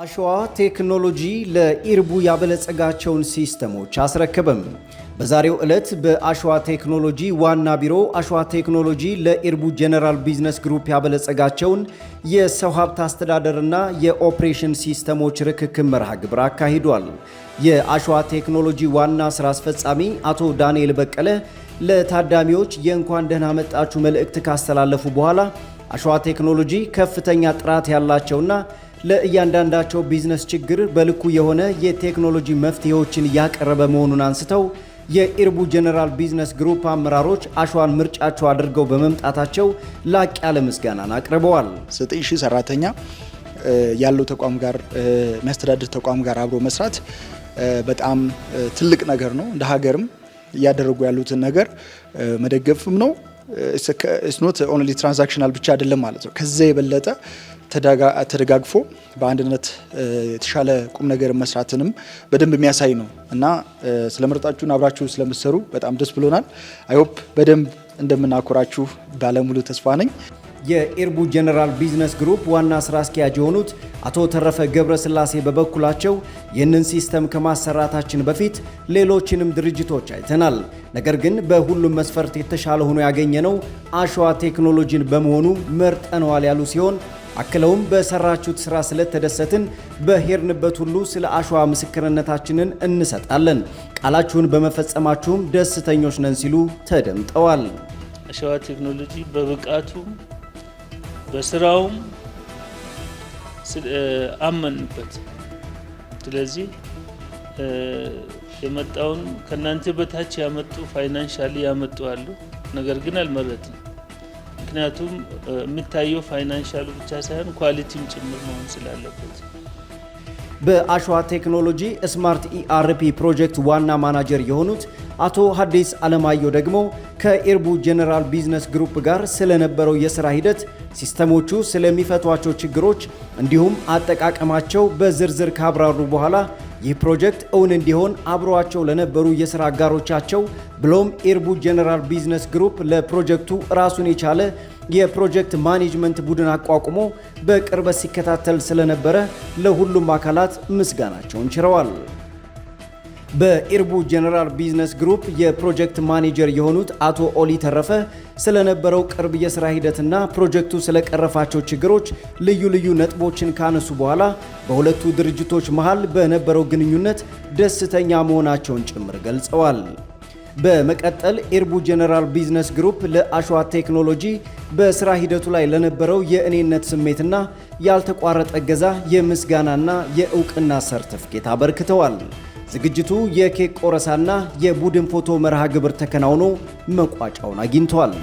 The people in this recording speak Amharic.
አሸዋ ቴክኖሎጂ ለኢርቡ ያበለጸጋቸውን ሲስተሞች አስረከበም። በዛሬው ዕለት በአሸዋ ቴክኖሎጂ ዋና ቢሮ አሸዋ ቴክኖሎጂ ለኢርቡ ጄኔራል ቢዝነስ ግሩፕ ያበለጸጋቸውን የሰው ሀብት አስተዳደርና የኦፕሬሽን ሲስተሞች ርክክብ መርሃ ግብር አካሂዷል። የአሸዋ ቴክኖሎጂ ዋና ሥራ አስፈጻሚ አቶ ዳንኤል በቀለ ለታዳሚዎች የእንኳን ደህና መጣችሁ መልእክት ካስተላለፉ በኋላ አሸዋ ቴክኖሎጂ ከፍተኛ ጥራት ያላቸውና ለእያንዳንዳቸው ቢዝነስ ችግር በልኩ የሆነ የቴክኖሎጂ መፍትሄዎችን ያቀረበ መሆኑን አንስተው የኢርቡ ጀነራል ቢዝነስ ግሩፕ አመራሮች አሸዋን ምርጫቸው አድርገው በመምጣታቸው ላቅ ያለ ምስጋናን አቅርበዋል። 9 ሺህ ሰራተኛ ያለው ተቋም ጋር መስተዳድር ተቋም ጋር አብሮ መስራት በጣም ትልቅ ነገር ነው። እንደ ሀገርም እያደረጉ ያሉትን ነገር መደገፍም ነው። ስኖት ኦንሊ ትራንዛክሽናል ብቻ አይደለም ማለት ነው። ከዛ የበለጠ ተደጋግፎ በአንድነት የተሻለ ቁም ነገር መስራትንም በደንብ የሚያሳይ ነው እና ስለመረጣችሁን አብራችሁ ስለምትሰሩ በጣም ደስ ብሎናል። አይሆፕ በደንብ እንደምናኮራችሁ ባለሙሉ ተስፋ ነኝ። የኤርቡ ጀነራል ቢዝነስ ግሩፕ ዋና ስራ አስኪያጅ የሆኑት አቶ ተረፈ ገብረ ስላሴ በበኩላቸው ይህንን ሲስተም ከማሰራታችን በፊት ሌሎችንም ድርጅቶች አይተናል። ነገር ግን በሁሉም መስፈርት የተሻለ ሆኖ ያገኘ ነው አሸዋ ቴክኖሎጂን በመሆኑ መርጠነዋል ያሉ ሲሆን አክለውም በሰራችሁት ስራ ስለተደሰትን በሄድንበት ሁሉ ስለ አሸዋ ምስክርነታችንን እንሰጣለን። ቃላችሁን በመፈጸማችሁም ደስተኞች ነን ሲሉ ተደምጠዋል። አሸዋ ቴክኖሎጂ በብቃቱ በስራውም አመንበት። ስለዚህ የመጣውን ከእናንተ በታች ያመጡ ፋይናንሻሊ ያመጡ አሉ፣ ነገር ግን አልመረትም። ምክንያቱም የሚታየው ፋይናንሻሉ ብቻ ሳይሆን ኳሊቲም ጭምር መሆን ስላለበት። በአሸዋ ቴክኖሎጂ ስማርት ኢአርፒ ፕሮጀክት ዋና ማናጀር የሆኑት አቶ ሀዲስ አለማየሁ ደግሞ ከኢርቡ ጄኔራል ቢዝነስ ግሩፕ ጋር ስለነበረው የሥራ ሂደት፣ ሲስተሞቹ ስለሚፈቷቸው ችግሮች እንዲሁም አጠቃቀማቸው በዝርዝር ካብራሩ በኋላ ይህ ፕሮጀክት እውን እንዲሆን አብሯቸው ለነበሩ የሥራ አጋሮቻቸው ብሎም ኤርቡ ጄኔራል ቢዝነስ ግሩፕ ለፕሮጀክቱ ራሱን የቻለ የፕሮጀክት ማኔጅመንት ቡድን አቋቁሞ በቅርበት ሲከታተል ስለነበረ ለሁሉም አካላት ምስጋናቸውን ችረዋል። በኢርቡ ጄኔራል ቢዝነስ ግሩፕ የፕሮጀክት ማኔጀር የሆኑት አቶ ኦሊ ተረፈ ስለነበረው ቅርብ የስራ ሂደትና ፕሮጀክቱ ስለቀረፋቸው ችግሮች ልዩ ልዩ ነጥቦችን ካነሱ በኋላ በሁለቱ ድርጅቶች መሃል በነበረው ግንኙነት ደስተኛ መሆናቸውን ጭምር ገልጸዋል። በመቀጠል ኢርቡ ጄኔራል ቢዝነስ ግሩፕ ለአሸዋ ቴክኖሎጂ በስራ ሂደቱ ላይ ለነበረው የእኔነት ስሜትና ያልተቋረጠ እገዛ የምስጋናና የእውቅና ሰርተፍኬት አበርክተዋል። ዝግጅቱ የኬክ ቆረሳና የቡድን ፎቶ መርሃ ግብር ተከናውኖ መቋጫውን አግኝቷል።